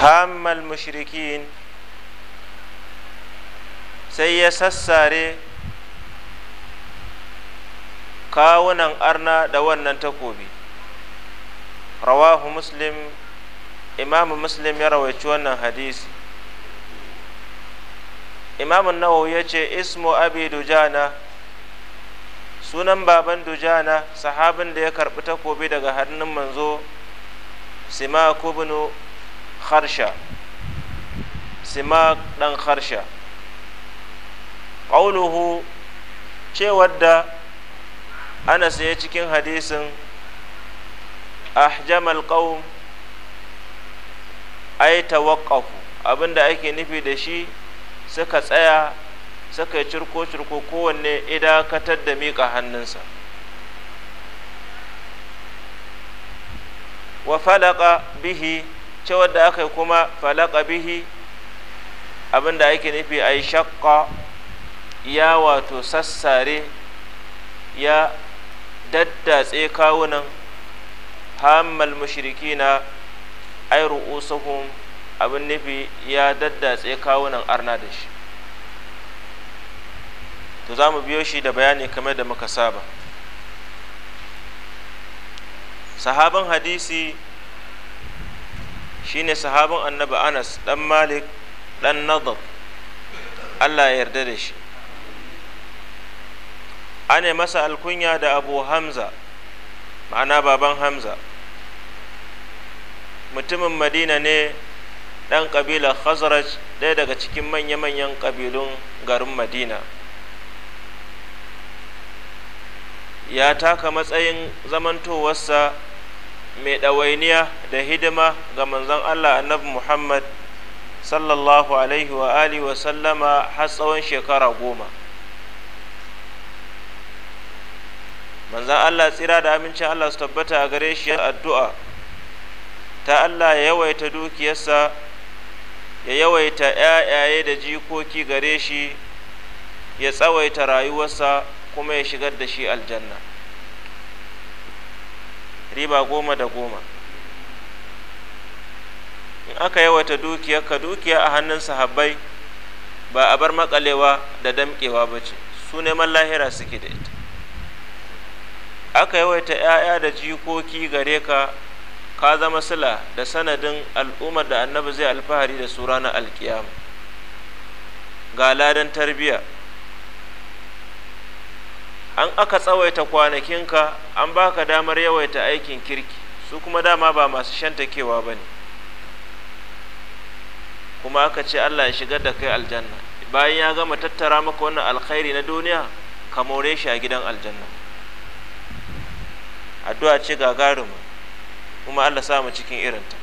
hamal mushrikin sai ya sassare kawunan arna da wannan takobi rawahu muslim imamu muslim ya rawaici wannan hadisi imamun nawawi ya ce ismo abi dujana sunan baban dujana sahabin da ya karbi takobi daga hannun manzo sima binu harsha simak ɗan harsha ƙauluhu cewar da ana ya cikin hadisin ahjamal ƙaun ai tawaqqafu abinda ake nufi da shi suka tsaya suka yi cirko-cirko kowanne idakatar da miƙa hannunsa wa falaka bihi ce wadda aka yi kuma falaka bihi abinda ake nufi a yi shakka ya wato sassare ya daddatse kawunan hamal mashiriki na ai usuhun abin nufi ya daddatse kawunan arna da shi to za mu biyo shi da bayani kamar da muka saba sahabin hadisi shine sahabin annabi anas dan malik dan nadab allah ya yarda da shi ana masa alkunya da abu hamza ma'ana baban hamza mutumin madina ne ɗan ƙabilar khazraj ɗaya daga cikin manya-manyan ƙabilun garin madina ya taka matsayin zamantowarsa mai ɗawainiya da hidima ga manzon Allah annabi Muhammad sallallahu alaihi wa alihi wa sallama har tsawon shekara goma manzon Allah tsira da amincin Allah su tabbata a gare shi addu'a ta Allah ya yawaita dukiyarsa ya yawaita ‘ya'yaye da jikoki gare shi ya tsawaita rayuwarsa kuma ya shigar da shi aljanna riba goma da goma in aka yawaita dukiya ka dukiya a hannun sahabbai ba a bar makalewa da damkewa ba ce su neman lahira suke da ita aka yawaita 'ya'ya da jikoki gare ka ka zama sila da sanadin al'ummar da annabi zai alfahari da su ranar alkiyama ga ladan tarbiyya an aka tsawaita kwanakinka an baka damar yawaita aikin kirki su kuma dama ba masu shantakewa ba ne kuma aka ce allah ya shigar da kai aljanna bayan ya gama tattara maka wannan alkhairi na duniya ka more shi a gidan aljanna addu'a ce gagaruma kuma allah samu cikin irinta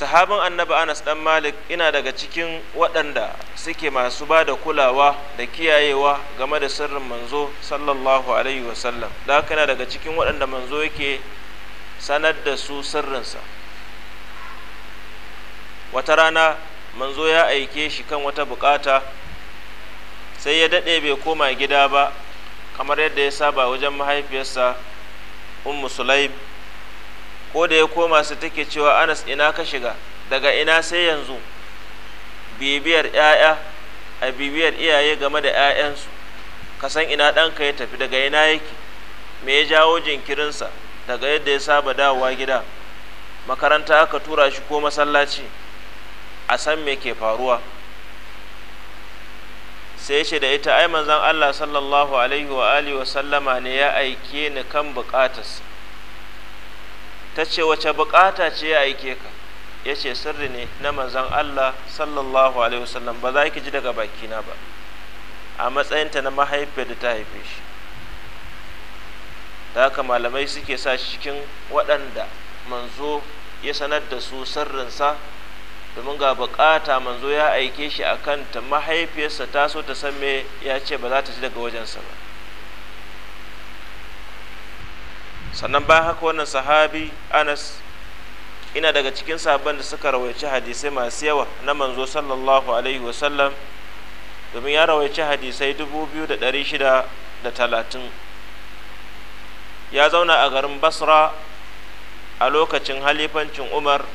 sahabin annabi anas dan malik ina daga cikin waɗanda suke masu ba da kulawa da kiyayewa game da sirrin manzo sallallahu alaihi wasallam da haka yana daga cikin waɗanda manzo yake sanar da su sirrinsa wata rana manzo ya aike shi kan wata bukata sai ya daɗe bai koma gida ba kamar yadda ya saba wajen mahaifiyarsa ummu sulaim ko da ya koma su take cewa anas ina ka shiga daga ina sai yanzu bibiyar 'ya'ya a bibiyar iyaye game da 'ya'yansu ka san ina ɗanka ya tafi daga ina yake me ya jawo jinkirinsa daga yadda ya saba dawowa gida makaranta aka tura shi ko masallaci a san me ke faruwa sai ce da ita ai manzon Allah sallallahu alaihi wa alihi wa sallama ne ya aike ni kan bukatarsa ta ce wace bukata ce ya aike ka ya ce sirri ne na manzan Allah sallallahu alaihi wasallam ba za ki ji daga bakina ba a matsayinta na mahaifiyar da ta haife shi da haka malamai suke sa shi cikin waɗanda manzo ya sanar da su sirrinsa domin ga bukata manzo ya aike shi a kanta mahaifiyarsa ta so ta san me ya ce ba za ta ji daga wajensa ba sannan bayan haka wannan sahabi anas ina daga cikin sahabban da suka rawaici hadisai masu yawa na manzo sallallahu alaihi wasallam domin ya rawaici hadisai dubu biyu da dari shida da talatin ya zauna a garin basra a lokacin halifancin umar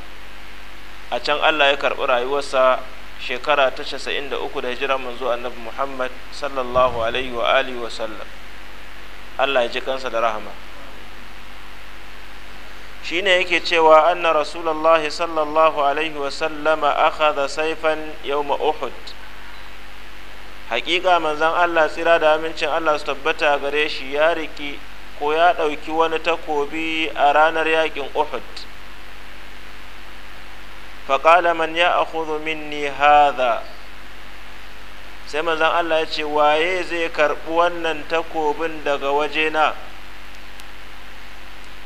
a can allah ya karɓi rayuwarsa shekara ta casa'in da uku da manzo annabi muhammad sallallahu alaihi wa alihi allah ya ji kansa da rahama shine yake cewa anna rasulullahi sallallahu alaihi wasallama da saifan yawma uhud hakika manzon Allah tsira da amincin Allah su tabbata gare shi ya riki ko ya ɗauki wani takobi a ranar yakin uhud faƙala man ya akhudhu minni hadha sai manzon Allah ya ce waye zai karɓi wannan takobin daga wajena na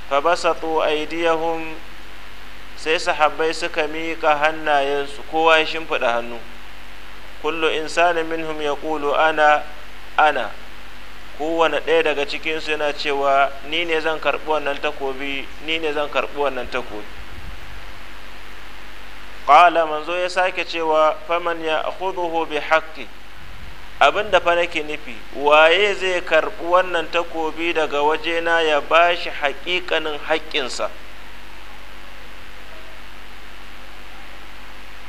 fabasatu aidiyahum sai sahabbai suka miƙa hannayensu kowa ya shimfiɗa hannu kullu insani minhum ya ana ana kowane ɗaya daga cikinsu yana cewa ni ne zan karɓi wannan takobi ni ne zan karɓi wannan takobi ƙala manzo ya sake cewa faman ya bi haƙƙi abin da fa nake nufi waye zai karɓi wannan takobi daga wajena ya ba shi haƙiƙanin haƙƙinsa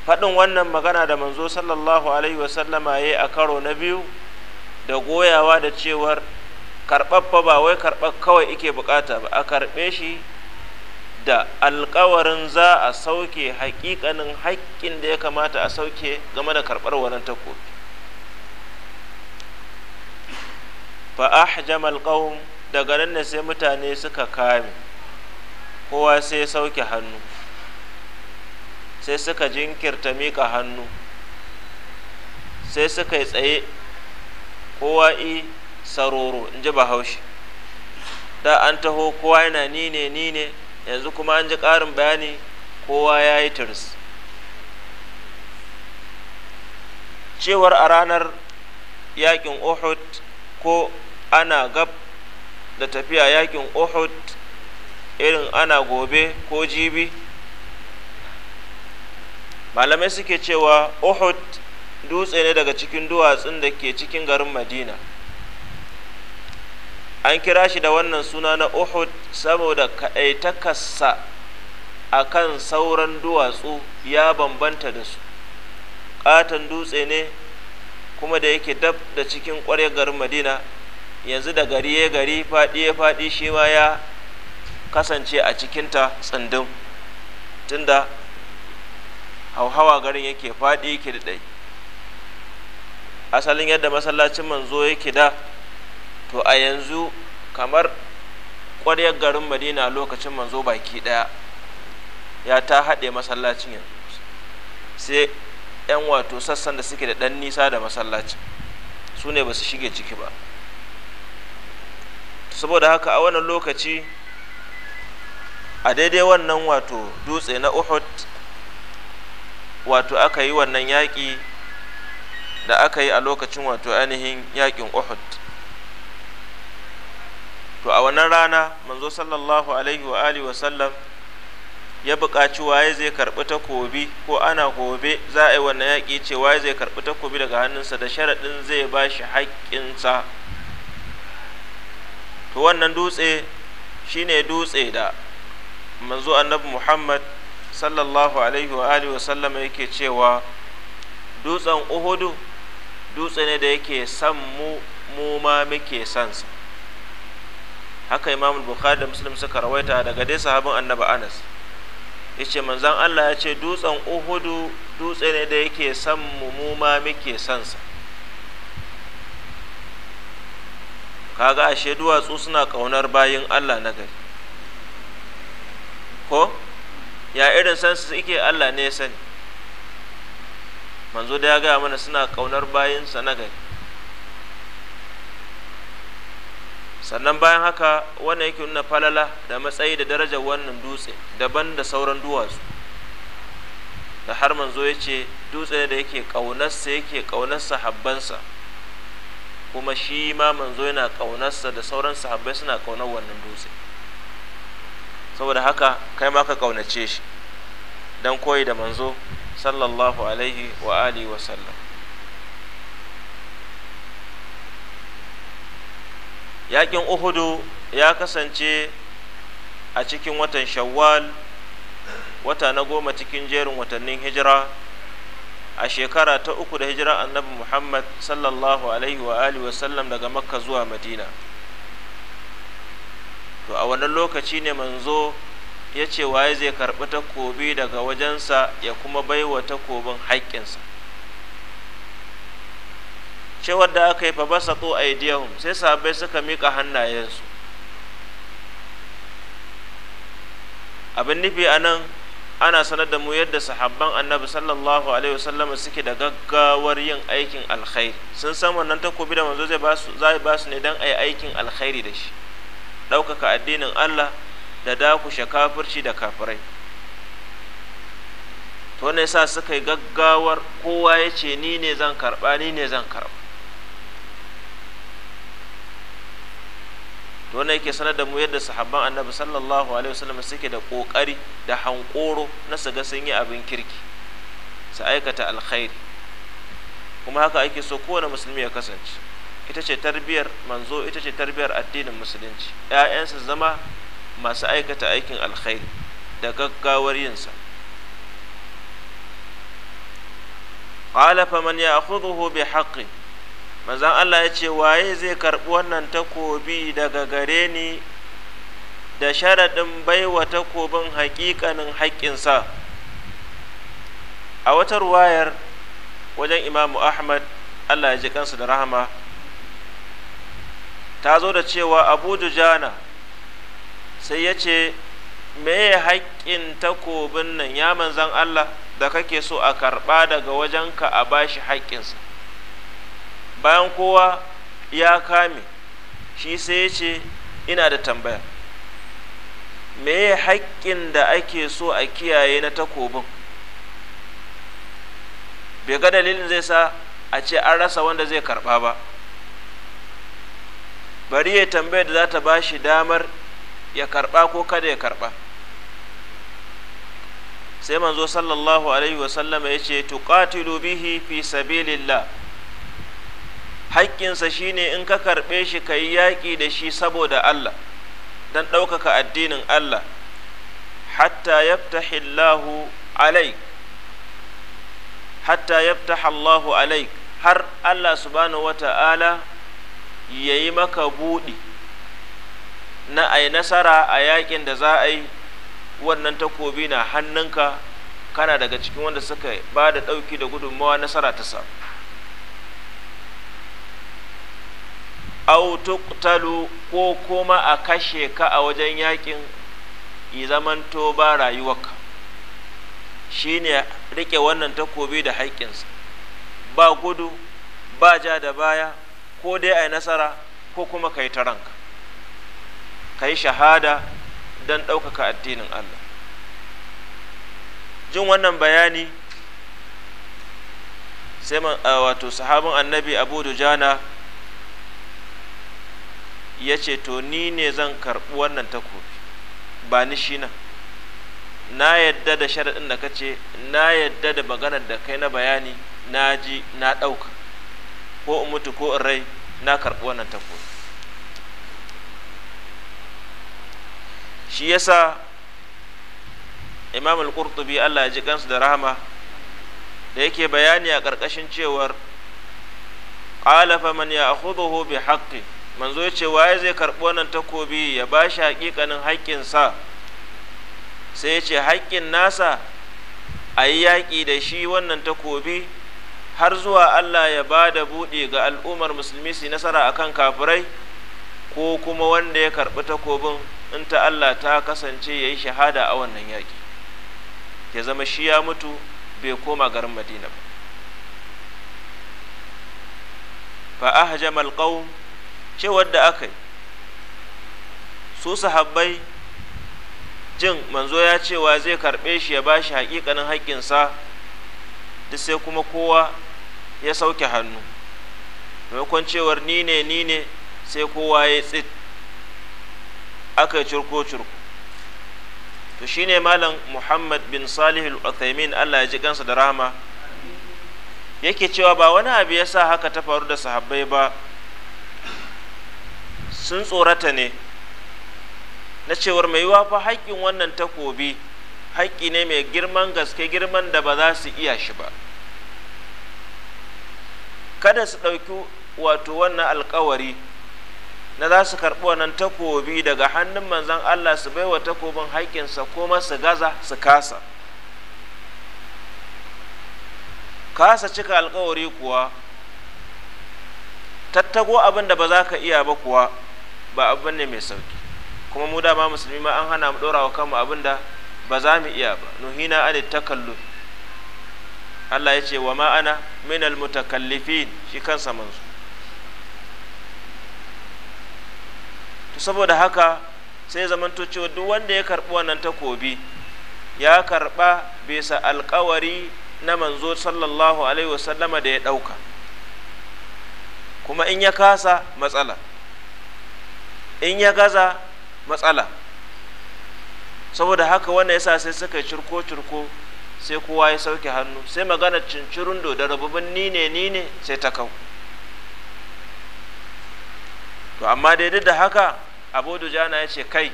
faɗin wannan magana da manzo sallallahu alaihi wasallama ya yi a karo na biyu da goyawa da cewar karɓaffa ba wai karɓar kawai ike bukata ba a karɓe shi da alkawarin za a sauke haƙiƙanin haƙƙin da ya kamata a sauke game da karɓar wannan takobi fa ahjamal daga nan ne sai mutane suka kame kowa sai sauke hannu sai suka jinkirta miƙa hannu sai suka yi tsaye kowa i saroro in ji bahaushe da an taho kowa yana ni ne ni ne yanzu kuma an ji ƙarin bayani kowa ya yi tirs cewar a ranar yakin uhud ko ana gab da tafiya yakin uhud irin ana gobe ko jibi malamai suke cewa uhud dutse ne daga cikin duwatsun da ke cikin garin madina an kira shi da wannan suna na uhud saboda kaɗaitakarsa a kan sauran duwatsu ya bambanta da su ƙaton dutse ne kuma da yake dab da cikin ƙwarya garin madina yanzu da gari ya gari faɗi ya faɗi shi ma ya kasance a cikinta tsindin tunda hauhawa garin yake faɗi yake da ɗai asalin yadda masallacin manzo yake da to a yanzu kamar ƙwaryar garin madina lokacin manzo baki ɗaya ya ta haɗe masallacin yanzu sai 'yan wato sassan da suke da ɗan nisa da masallacin su ne ba su shige ciki ba saboda haka a wannan lokaci a daidai wannan wato dutse na uhud wato aka yi wannan yaƙi da aka yi a lokacin wato ainihin yaƙin uhud to a wannan rana manzo sallallahu alaihi wa alihi wa sallam ya buƙaci waye zai karɓi takobi ko ana gobe za a yi wannan yaƙi ce waye zai karɓi takobi daga hannunsa da sharaɗin zai ba shi haƙƙinsa to wannan dutse shine dutse da manzo annabi muhammad sallallahu alaihi wa alihi sallam yake cewa dutsen uhudu dutse ne da yake san mu mu ma muke sansa haka imam bukhari da muslim suka rawaita daga dai sahabin annabi anas yace manzan allah ya ce dutsen uhudu dutse ne da yake san mu mu ma muke sansa kaga ashe duwatsu suna kaunar bayin allah na gari ko ya irin san su ike allah ne ya sani manzo da ya gaya mana suna bayin bayinsa na gari sannan bayan haka wannan yake nuna falala da matsayi da daraja wannan dutse daban da sauran duwatsu da har manzo ya ce dutse da yake kaunarsa yake kaunarsa habbansa kuma shi ma manzo yana kaunarsa da sauran sahabbai suna kaunar wannan dutse saboda haka kai ma ka kaunace shi dan koyi da manzo sallallahu alaihi wa alihi wa sallam yakin uhudu ya kasance a cikin watan shawwal wata na goma cikin jerin watannin hijira a shekara ta uku da hijira annabi muhammad sallallahu alaihi wa alihi wasallam daga makka zuwa madina to a wannan lokaci ne manzo ya ce waye zai karɓi takobi daga wajensa ya kuma baiwa takobin haƙƙinsa cewar da aka yi fa basa to aidiyahum sai sabai suka miƙa hannayensu abin nufi anan. ana sanar da mu yadda sahabban annabi sallallahu alaihi wasallam suke da gaggawar yin aikin alkhairi sun san wannan takobi da manzo zai basu zai basu ne dan ayi aikin alkhairi da shi ɗaukaka addinin Allah da dakushe kafirci da kafirai to ne sa suka yi gaggawar kowa ya ce ni ne zan karba ni ne zan karba. to wannan yake sanar da mu yadda sahabban annabi sallallahu alaihi wasallam suke da kokari da hankoro na su ga sun yi abin kirki su aikata alkhairi kuma haka ake so kowane musulmi ya kasance ita ce tarbiyar manzo ita ce tarbiyar addinin musulunci ƴaƴansa zama masu aikata aikin alkhairi da gaggawar yinsa qala faman ya'khudhuhu bi manzan Allah ya ce waye zai karɓi wannan takobi daga gare ni da sharaɗin baiwa takobin haƙiƙanin haƙƙinsa a wata ruwayar wajen imamu ahmad Allah ya ji kansu da rahama ta zo da cewa abu jujana sai ya ce meye haƙƙin takobin nan ya manzan Allah da kake so a karɓa daga wajenka a bashi haƙƙinsa bayan kowa ya kame shi sai ya ce ina da tambaya me meye haƙƙin da ake so a kiyaye na takobin bai ga dalilin zai sa a ce an rasa wanda zai karɓa ba bari ya tambaya da za ta ba shi damar ya karɓa ko kada ya karɓa sai manzo sallallahu alaihi wasallama ya ce tuƙatilu bihi fi sabilillah haƙƙinsa ne in ka karɓe shi ka yi yaƙi da shi saboda Allah don ɗaukaka addinin Allah hatta yabta Allahu alaik hatta Allahu alaik har Allah subhanahu wata'ala ya yi maka buɗi na ai nasara a yaƙin da za a yi wannan takobi na hannunka kana daga cikin wanda suka ba da ɗauki da gudunmawa nasara ta samu au tuqtalu ko kuma a kashe ka a wajen yakin i zamanto ba rayuwarka shine rike wannan takobi da haƙƙinsa ba gudu ba ja da baya ko dai a nasara ko kuma ka yi ta ranka ka yi shahada don ɗaukaka addinin Allah jin wannan bayani sai wato sahabin annabi abu dujana ya ce to ni ne zan karɓi wannan takobi ba ni shi nan na yadda da sharaɗin da ka ce na yadda da maganar da kai na bayani na ji na ɗauka ko in mutu ko in rai na karɓi wannan takobi shi yasa imam al-qurtubi Allah ya ji kansu da rahama da yake bayani a ƙarƙashin cewar qala faman ya'khudhuhu bi haqqi manzo ya ce waye zai karɓi wannan takobi ya ba shi haƙiƙanin haƙƙinsa sai ya ce haƙƙin nasa a yi yaƙi da shi wannan takobi har zuwa Allah ya ba da buɗe ga al'ummar musulmi su nasara kan kafirai ko kuma wanda ya karɓi takobin in ta Allah ta kasance ya yi shahada a wannan yaƙi ya zama shi ya mutu bai koma garin madina ba fa ahjamal qawm cewar da aka yi su sahabbai jin manzo ya cewa zai karɓe shi ya ba shi haƙiƙanin haƙƙinsa da sai kuma kowa ya sauke hannu maimakon cewar ni ne ni ne sai kowa ya tsit aka yi curko-curko to shi ne malam muhammad bin salih al-uthaymin allah ya ji kansa da rahama yake cewa ba wani abu ya sa haka ta faru da sahabbai ba sun tsorata ne na cewar mai yiwa fa haƙƙin wannan takobi haƙƙi ne mai girman gaske girman da ba za su iya shi ba kada su ɗauki wato wannan alkawari na za su karɓi wannan takobi daga hannun manzan Allah su baiwa takobin haƙƙinsa kuma su gaza su kasa kasa cika alkawari kuwa tattago abin da ba za ka iya ba kuwa ba abu ne mai sauki kuma mu dama musulmi ma an hana mu ɗora wa kanmu abin da ba za mu iya ba nuhina anit takallu Allah ya ce wa ma ana al mutakallifin shi kansa manzo to saboda haka sai zamanto cewa duk wanda ya karbi wannan takobi ya karɓa bisa alkawari na manzo sallallahu alaihi wasallama da ya ɗauka kuma in ya kasa matsala in ya gaza matsala saboda haka wannan yasa sai suka yi cirko-cirko sai kowa ya sauke hannu sai magana cincirin da rababin ni ne ni ne sai ta kau to amma daidai da haka abu jana ya ce kai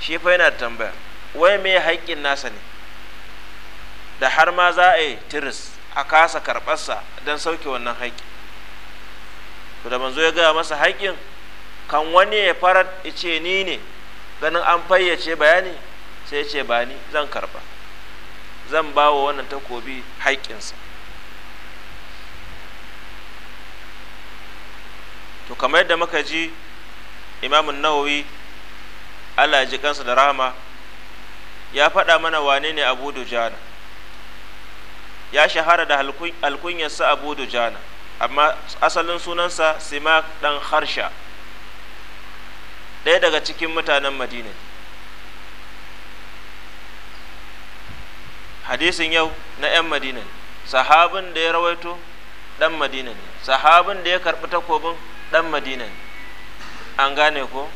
shi fa yana tambaya wai me haƙƙin nasa ne da har ma za a yi tiris a kasa karɓarsa don sauke wannan haƙƙi to da manzo ya gaya masa haƙƙin kan wani ya farar ce ni ne ganin an fayyace bayani sai ya ce ba ni zan karba zan ba wa wannan takobi haƙƙinsa to kamar yadda muka ji imamun nawawi allah ji kansa da rahama ya faɗa mana wane ne abu dujana ya shahara da alkunyarsa abu dujana amma asalin sunansa simak ɗan harsha ɗaya daga cikin mutanen madina hadisin yau na 'yan madina sahabin da ya rawaito ɗan madina ne sahabin da ya karɓi takobin ɗan madina ne an gane ko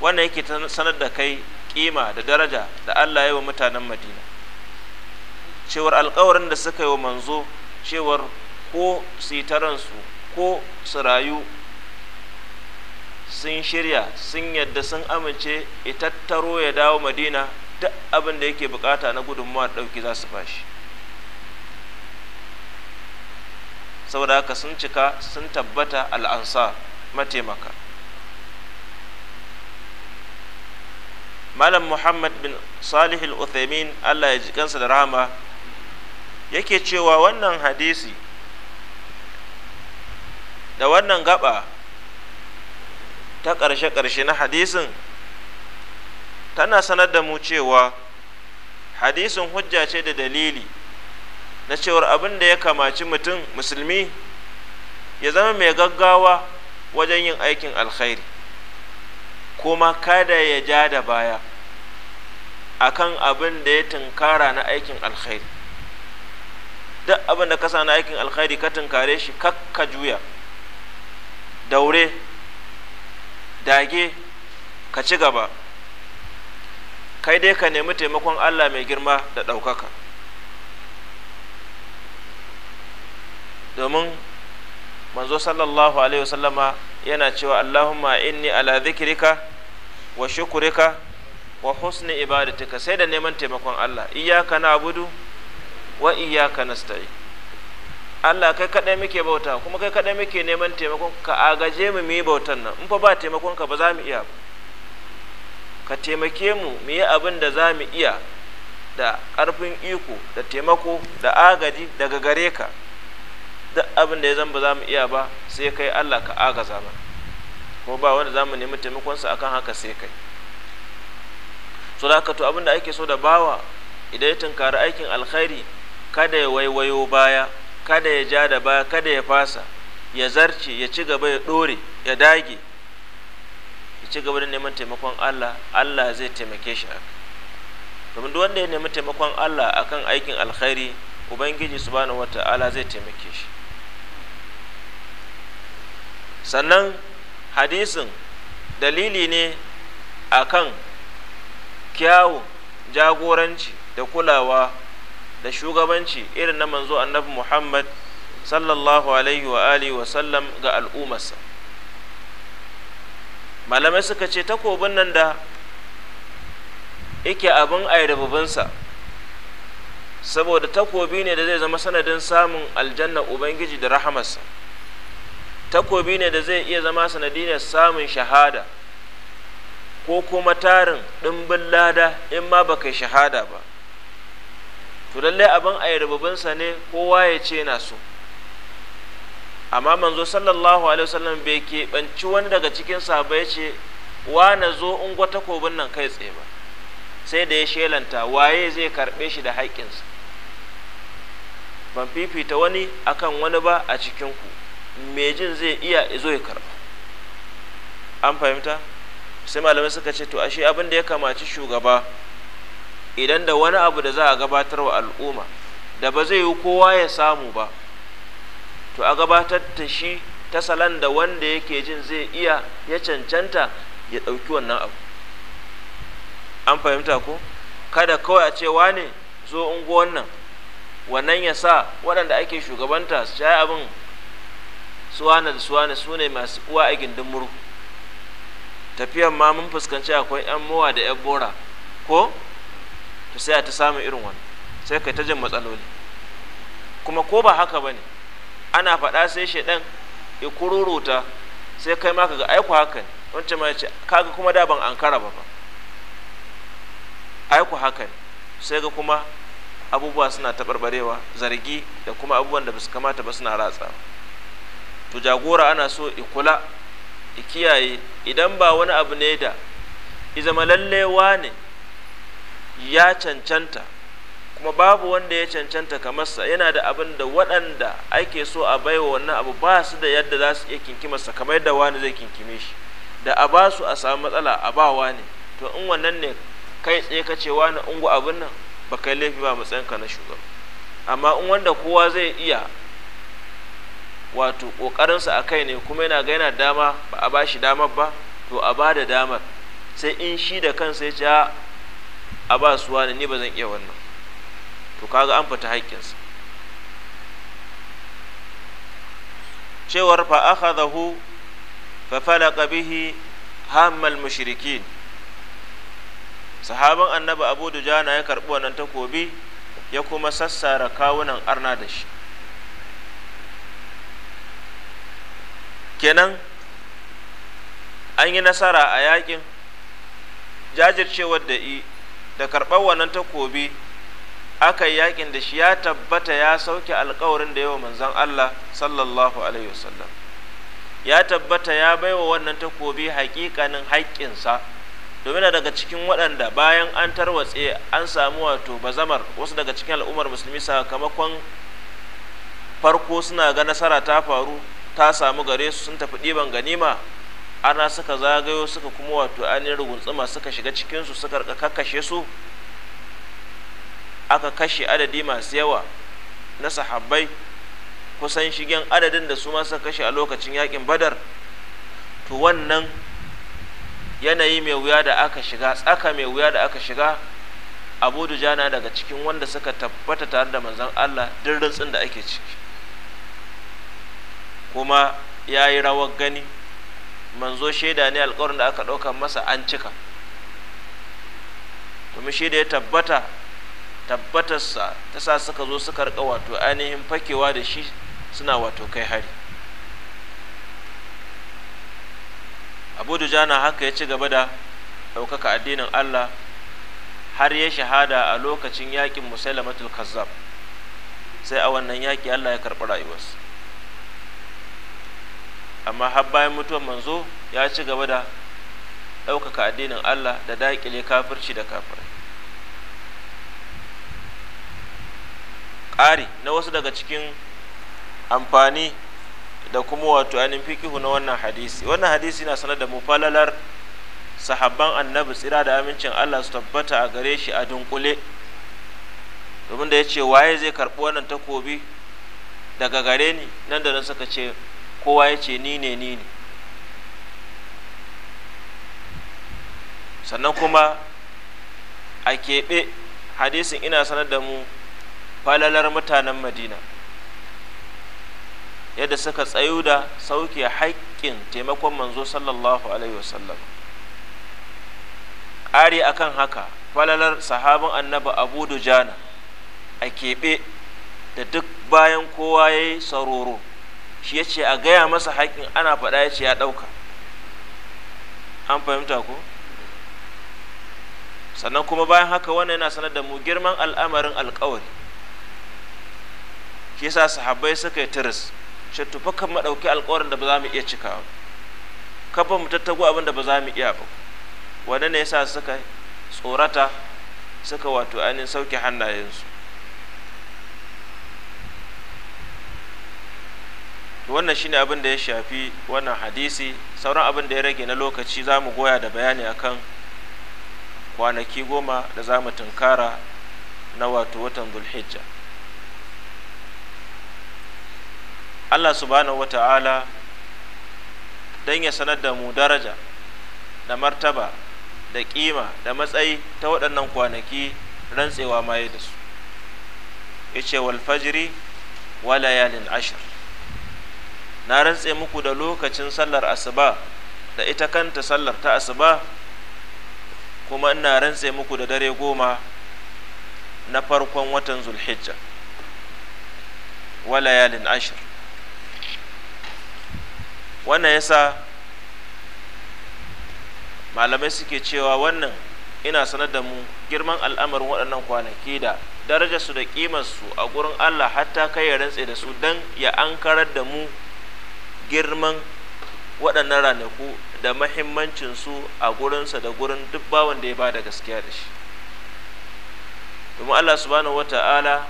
wannan yake sanar da kai kima da daraja da allah ya wa mutanen madina cewar alkawarin da suka yi wa manzo cewar ko taransu ko su rayu sun shirya sun yadda sun amince itattaro taro ya dawo madina duk abin da yake bukata na gudunmawa ɗauki za su bashi saboda haka sun cika sun tabbata al'ansa mataimaka malam muhammad bin salih al-uthaymin allah ya ji kansa da rahama yake cewa wannan hadisi da wannan gaba ta ƙarshe-ƙarshe na hadisin tana sanar da mu cewa hadisin hujja ce da dalili na cewar abin da ya kamaci mutum musulmi ya zama mai gaggawa wajen yin aikin alkhairi kuma kada ya ja da baya a kan abin da ya tunkara na aikin alkhairi duk abin da ka na aikin alkhairi ka tunkare shi kakka juya daure dage ka ci gaba kai dai ka nemi taimakon allah mai girma da ɗaukaka domin manzo sallallahu alaihi wasallama yana cewa allahumma inni ala zikirika wa shukurika wa husni ibadatika sai da neman taimakon allah iyaka na budu wa iyaka nasta'in Allah kai kaɗai muke bauta kuma kai kaɗai muke neman taimakon ka agaje mu mu yi bautan nan in fa ba taimakon ka ba za mu iya ka taimake mu mu yi abin da za mu iya da ƙarfin iko da taimako da agaji daga gare ka duk abin da ya zan ba za mu iya ba sai kai Allah ka agaza mu ko ba wanda za mu nemi taimakonsa akan haka sai kai so da ka to abin da ake so da bawa idan ya tunkari aikin alkhairi kada ya waiwayo baya kada ya ja da baya kada ya fasa ya zarce ya ci gaba ya ɗore ya dage ya ci gaba da neman taimakon Allah Allah zai taimake shi haka domin duk wanda ya nemi taimakon Allah akan aikin alkhairi ubangiji subhanahu wata'ala zai taimake shi sannan hadisin dalili ne akan kyawun jagoranci da kulawa da shugabanci irin na manzo annabi muhammad sallallahu alaihi wa alihi wa sallam ga al'ummarsa malamai suka ce takobin nan da yake abin ayyadabubinsa saboda takobi ne da zai zama sanadin samun aljanna ubangiji da rahamarsa takobi ne da zai iya zama sanadin samun shahada ko kuma tarin ɗimbin lada in ma baka shahada ba to lalle abin a yarbabinsa ne kowa ya ce na so amma manzo sallallahu alaihi wasallam bai keɓanci wani daga cikin sahaba ya ce wa na zo in gwata kobin nan kai tsaye ba sai da ya shelanta waye zai karbe shi da haƙƙinsa ban fifita wani akan wani ba a cikinku me jin zai iya zo ya karɓa an fahimta sai malamai suka ce to ashe abin da ya kamaci shugaba idan da wani abu da za a gabatar wa al'umma da ba zai yi kowa ya samu ba to a gabatar ta shi ta salan da wanda yake jin zai iya ya cancanta ya ɗauki wannan abu an fahimta ko kada kawai a ce wane zo ungo wannan wannan ya sa waɗanda ake shugabanta su shayi abin suwana da suwana su ne masu uwa a gindin murhu tafiyan ma mun fuskanci akwai 'yan mowa da 'yan bora ko to sai a ta samun irin wani sai kai ta jin matsaloli kuma ko ba haka ba ne ana faɗa sai shaidan ya kururuta sai kai ma kaga aiku haka ne wancan ma ce kaga kuma da ban ankara ba ba aiku haka ne sai ga kuma abubuwa suna taɓarɓarewa zargi da kuma abubuwan da basu kamata ba suna ratsa to jagora ana so i kula i kiyaye idan ba wani abu ne da izama zama lallewa ne ya cancanta kuma babu wanda ya cancanta kamar sa yana da abin da waɗanda ake so a bai wa wannan abu ba su da yadda za su iya kinkimarsa kamar yadda wani zai kinkime shi da a ba su a samu matsala a ba wani to in wannan ne kai tsaye ka ce wani ungu abin nan ba kai laifi ba ka na shugaba amma in wanda kowa zai iya wato kokarinsa a kai ne kuma yana ga yana dama ba a ba shi damar ba to a ba da damar sai in shi da kansa ya ce a ba su wani ni ba zan iya wannan to kaga an fita haƙƙinsa cewar fa akhadahu fa falaqa bihi hammal mushrikin sahaban annabi abu dujana ya karɓi wannan takobi ya kuma sassara kawunan arna da shi kenan an yi nasara a yakin jajircewar da i da karɓar wannan takobi aka yi yakin da shi ya tabbata ya sauke alkawarin da yawa manzon Allah sallallahu alaihi wasallam ya tabbata ya baiwa wannan takobi haƙiƙanin haƙƙinsa domin daga cikin waɗanda bayan an tarwatse an samu wato bazamar wasu daga cikin al'ummar musulmi sakamakon farko suna ga nasara ta faru ta samu gare su sun tafi ɗiban ganima ana suka zagayo suka kuma wato ainihin ruguntsuma suka shiga cikinsu suka kakkashe su aka kashe adadi masu yawa na sahabbai kusan shigen adadin da su masu kashe a lokacin yakin badar to wannan yanayi mai wuya da aka shiga tsaka mai wuya da aka shiga abu dujana daga cikin wanda suka tabbata tare da manzan allah dirrin da ake ciki kuma ya yi rawar gani manzo shaida ne alƙawarin da aka ɗauka masa an cika domin shi da ya tabbata tabbatarsa ta sa suka zo suka rika wato ainihin fakewa da shi suna wato kai hari abu na haka ya ci gaba da ɗaukaka addinin allah har ya shahada a lokacin yaƙin musailamatul kazzab sai a wannan yaki allah ya karɓi rayuwarsa amma har bayan mutuwar manzo ya ci gaba da ɗaukaka addinin Allah da daƙile kafirci da kafirai ƙari na wasu daga cikin amfani da kuma wato ainihin fikihu na wannan hadisi wannan hadisi na sanar da mu falalar sahabban annabi tsira da amincin Allah su tabbata a gare shi a dunkule domin da ya ce waye zai karɓi wannan takobi daga gare ni nan da nan suka ce kowa ya ce ni ne ni ne sannan kuma a keɓe hadisin ina sanar da mu falalar mutanen madina yadda suka tsayu da sauke haƙƙin taimakon manzo sallallahu alaihi wasallam ƙari akan haka falalar sahabin annaba abu jana a keɓe da duk bayan kowa ya yi saroro shi ya ce a gaya masa haƙƙin ana faɗa ya ce ya ɗauka an fahimta ko sannan kuma bayan haka wannan yana sanar da mu girman al'amarin alƙawari shi yasa sahabbai suka yi tiris shi tufa kan maɗauki alƙawarin da ba za mu iya cikawa kafa mu tattago abin da ba za mu iya ba wannan ne yasa suka tsorata suka wato ainihin sauke hannayensu wannan shine abin da ya shafi wannan hadisi sauran abin da ya rage na lokaci za mu goya da bayani akan kwanaki goma da za mu tunkara na wato watan zulhijja allah subhanahu wata'ala don ya sanar da mu daraja da martaba da kima da matsayi ta waɗannan kwanaki rantsewa maye da su ya ce walfajiri wa layalin ashir na rantse muku da lokacin sallar asuba da ita kanta sallar ta asuba kuma ina rantse muku da dare goma na farkon watan zulhijja yalin ashir wannan yasa malamai suke cewa wannan ina sanar da mu girman al'amarin waɗannan kwanaki da darajarsu da ƙimarsu a gurin allah hatta kai ya rantse da su don ya ankarar da mu girman waɗannan ranaku da mahimmancinsu a gurinsa da gurin duk bawan da ya bada gaskiya da shi domin allah subhanahu wata'ala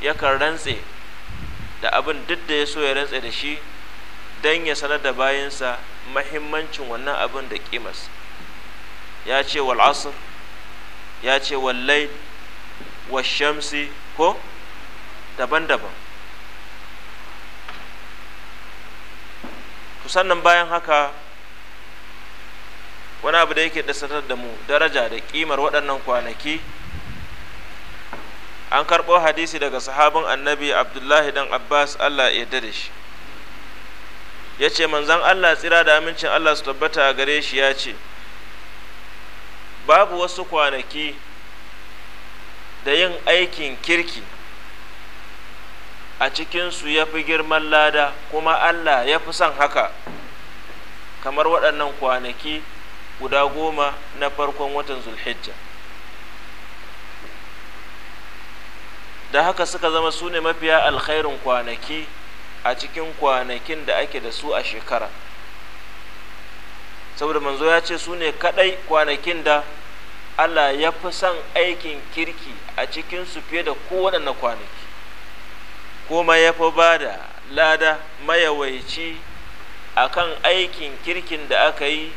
yakan rantse da abin duk da ya so ya rantse da shi don ya sanar da bayansa mahimmancin wannan abin da kimas ya ce wal asr ya ce wallai wa shamsi ko daban-daban sannan bayan haka wani abu da yake dasatar da mu daraja da kimar waɗannan kwanaki an karɓo hadisi daga sahabin annabi abdullahi dan abbas allah ya da shi ya ce manzan allah tsira da amincin allah su tabbata a gare shi ya ce babu wasu kwanaki da yin aikin kirki a cikinsu ya fi girman lada kuma Allah ya fi son haka kamar waɗannan kwanaki guda goma na farkon watan zulhijja da haka suka zama su ne mafiya alkhairin kwanaki a cikin kwanakin da ake da su a shekara saboda manzo ya ce su ne kaɗai kwanakin da Allah ya fi son aikin kirki a cikinsu fiye da kowaɗanne kwanaki kuma ya fi ba da lada mayawaici a kan aikin kirkin da aka yi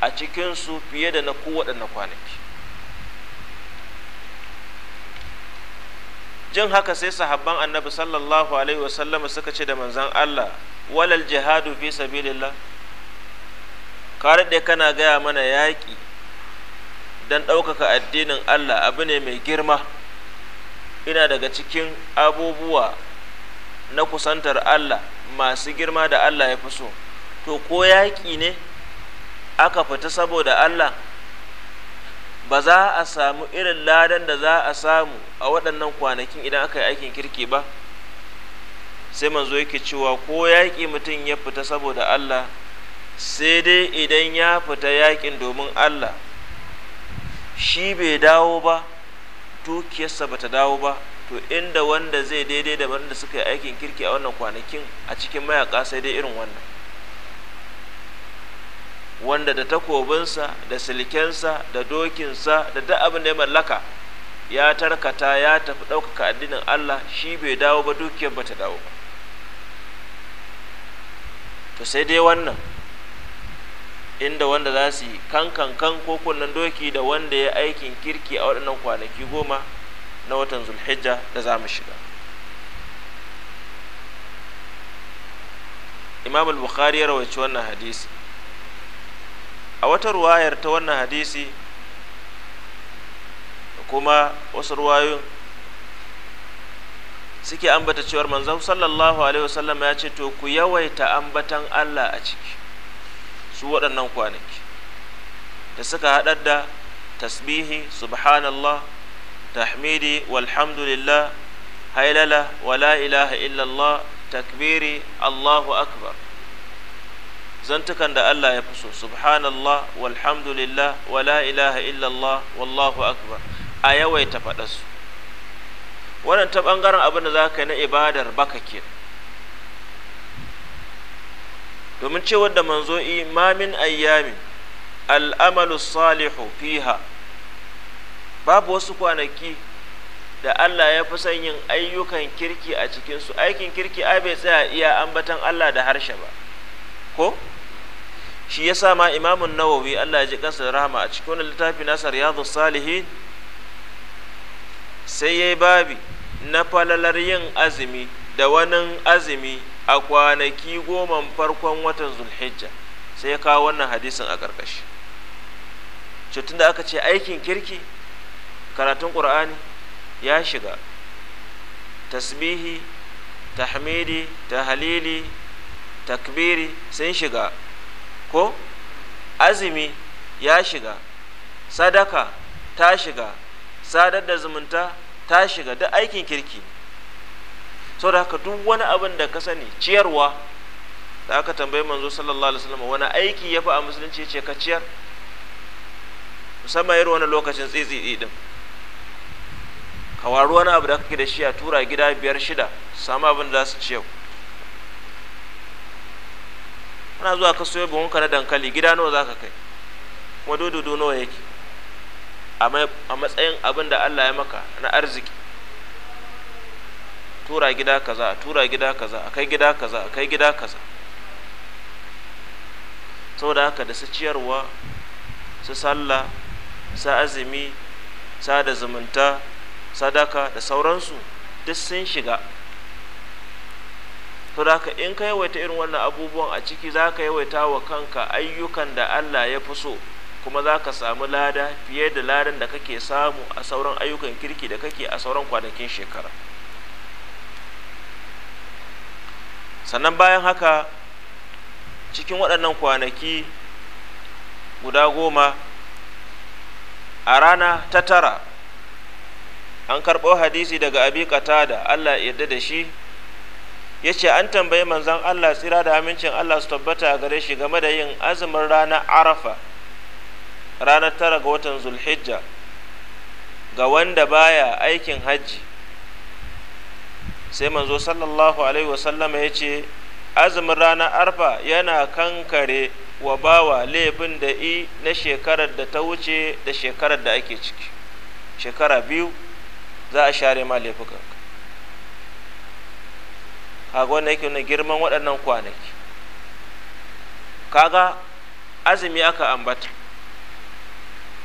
a cikinsu fiye da na kowaɗanne kwanaki jin haka sai sahabban annabi sallallahu alaihi wasallam suka ce da manzan Allah walal jihadu fi sabilillah kare da kana gaya mana yaƙi don ɗaukaka addinin Allah abu ne mai girma ina daga cikin abubuwa na kusantar Allah masu girma da Allah ya fi so to ko yaƙi ne aka fita saboda Allah ba za a samu irin ladan da za a samu a waɗannan kwanakin idan aka yi aikin kirki ba sai manzo yake cewa ko yaƙi mutum ya fita saboda Allah sai dai idan ya fita yaƙin domin Allah shi bai dawo ba dukiyarsa ba ta dawo ba to inda wanda zai daidai da wanda suka yi aikin kirki a wannan kwanakin a cikin mayaka sai dai irin wannan wanda da takobinsa da silkensa da dokinsa da duk abin da ya mallaka ya tarkata ya tafi ɗaukaka addinin Allah shi bai dawo ba dukiyar ba ta dawo ba to sai dai wannan inda wanda za su yi kankan kan ko kunnen doki da wanda ya aikin kirki a waɗannan kwanaki goma na watan zulhijja da za mu shiga imam al-bukhari ya rawaici wannan hadisi a wata ruwayar ta wannan hadisi kuma wasu ruwayoyin suke ambata cewar manzo sallallahu alaihi wasallam ya ce to ku yawaita ambatan Allah a ciki su waɗannan kwanaki da suka haɗar da tasbihi subhanallah tahmidi walhamdulillah hailala wala ilaha illallah takbiri allahu akbar zantukan da Allah ya fi so subhanallah walhamdulillah wala ilaha illallah wallahu akbar a yawaita faɗarsu wannan ta ɓangaren abin da za ka yi na ibadar baka ke domin cewar da manzo imamin ayyamin al'amalu salihu fiha babu wasu kwanaki da Allah ya fi son yin ayyukan kirki a cikinsu aikin kirki ai bai tsaya iya ambatan Allah da harshe ba ko shi ya sa ma imamun nawawi Allah ya ji kansa da rahama a cikin littafi nasar riyadu salihin sai ya yi babi na falalar yin azumi da wani azumi a kwanaki goma farkon watan zulhijja sai ya kawo wannan hadisin a ƙarƙashi cutun da aka ce aikin kirki karatun ƙur'ani ya shiga tasbihi tahmidi tahalili takbiri sun shiga ko azumi ya shiga sadaka ta shiga sadar da zumunta ta shiga duk aikin kirki sau da haka duk wani abin da ka sani ciyarwa da aka tambayi manzo sallallahu alaihi wasallam wani aiki ya fi a musulunci ce ka ciyar musamman irin wani lokacin tsitsi din kawaru wani abu da kake da shi a tura gida biyar shida samu abin da za su ci yau ana zuwa ka soya buhunka na dankali gida nawa za ka kai kuma dododo nawa yake a matsayin abin da allah ya maka na arziki tura gida kaza tura gida kaza a kai gida kaza a kai gida kaza saboda haka da su ciyarwa su sallah su azumi sa da zumunta sadaka da sauransu duk sun shiga to da in ka yawaita irin wannan abubuwan a ciki za ka yawaita wa kanka ayyukan da Allah ya fi so kuma za ka samu lada fiye da ladan da kake samu a sauran ayyukan kirki da kake a sauran kwanakin shekara sannan bayan haka cikin waɗannan kwanaki guda goma a rana ta tara an karɓo hadisi daga abi qatada Allah ya yarda da shi ya ce an tambayi manzon Allah tsira da amincin Allah su tabbata gare shi game da yin azumin ranar arafa ranar tara ga watan zulhijja ga wanda baya aikin hajji sai manzo sallallahu alaihi wasallama ya ce azumin ranar arfa yana kankare wa bawa laifin da i na shekarar da ta wuce da shekarar da ake ciki shekara biyu za a share ma laifukan kaga wannan yake na girman waɗannan kwanaki kaga azumi aka ambata